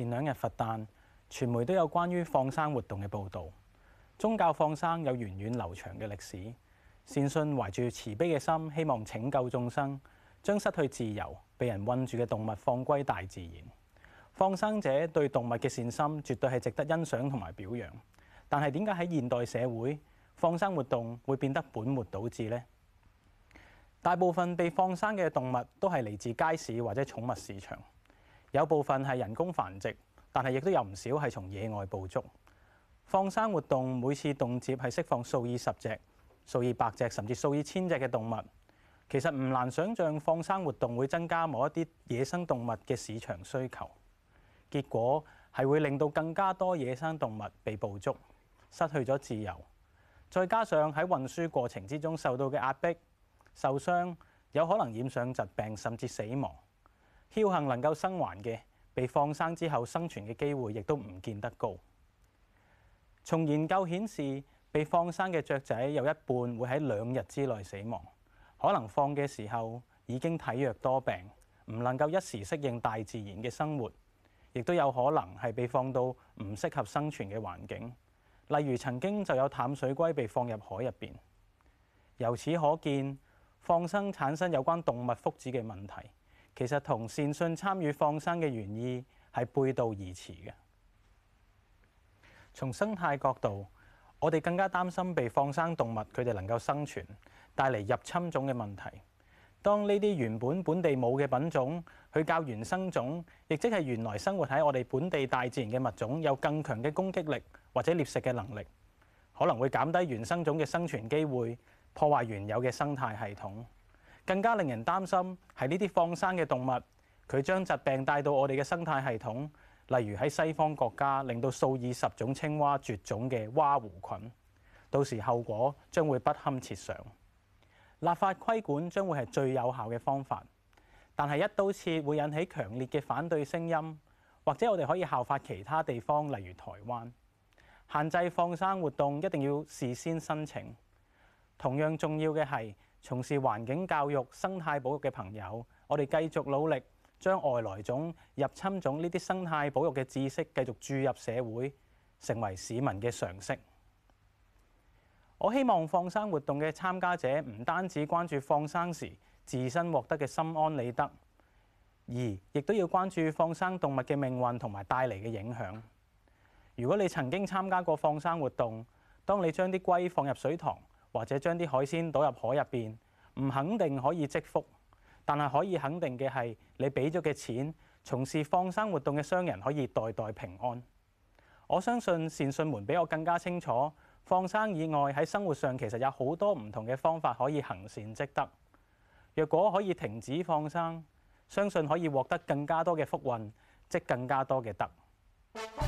前兩日佛誕，傳媒都有關於放生活動嘅報道。宗教放生有源遠流長嘅歷史，善信懷住慈悲嘅心，希望拯救眾生，將失去自由、被人困住嘅動物放歸大自然。放生者對動物嘅善心，絕對係值得欣賞同埋表揚。但係點解喺現代社會，放生活動會變得本末倒置呢？大部分被放生嘅動物，都係嚟自街市或者寵物市場。有部分係人工繁殖，但係亦都有唔少係從野外捕捉。放生活動每次動輒係釋放數以十隻、數以百隻甚至數以千隻嘅動物，其實唔難想像放生活動會增加某一啲野生動物嘅市場需求，結果係會令到更加多野生動物被捕捉，失去咗自由，再加上喺運輸過程之中受到嘅壓迫、受傷，有可能染上疾病甚至死亡。僥幸能夠生還嘅，被放生之後生存嘅機會亦都唔見得高。從研究顯示，被放生嘅雀仔有一半會喺兩日之內死亡，可能放嘅時候已經體弱多病，唔能夠一時適應大自然嘅生活，亦都有可能係被放到唔適合生存嘅環境，例如曾經就有淡水龜被放入海入邊。由此可見，放生產生有關動物福祉嘅問題。其實同善信參與放生嘅原意係背道而馳嘅。從生態角度，我哋更加擔心被放生動物佢哋能夠生存，帶嚟入侵種嘅問題。當呢啲原本本地冇嘅品種去較原生種，亦即係原來生活喺我哋本地大自然嘅物種，有更強嘅攻擊力或者獵食嘅能力，可能會減低原生種嘅生存機會，破壞原有嘅生態系統。更加令人擔心係呢啲放生嘅動物，佢將疾病帶到我哋嘅生態系統，例如喺西方國家令到數以十種青蛙絕種嘅蛙壺菌，到時候後果將會不堪設想。立法規管將會係最有效嘅方法，但係一刀切會引起強烈嘅反對聲音，或者我哋可以效法其他地方，例如台灣，限制放生活動一定要事先申請。同樣重要嘅係，從事環境教育、生態保育嘅朋友，我哋繼續努力將外來種、入侵種呢啲生態保育嘅知識繼續注入社會，成為市民嘅常識。我希望放生活動嘅參加者唔單止關注放生時自身獲得嘅心安理得，而亦都要關注放生動物嘅命運同埋帶嚟嘅影響。如果你曾經參加過放生活動，當你將啲龜放入水塘，或者將啲海鮮倒入海入邊，唔肯定可以積福，但係可以肯定嘅係，你俾咗嘅錢，從事放生活動嘅商人可以代代平安。我相信善信們比我更加清楚，放生以外喺生活上其實有好多唔同嘅方法可以行善積德。若果可以停止放生，相信可以獲得更加多嘅福運，積更加多嘅德。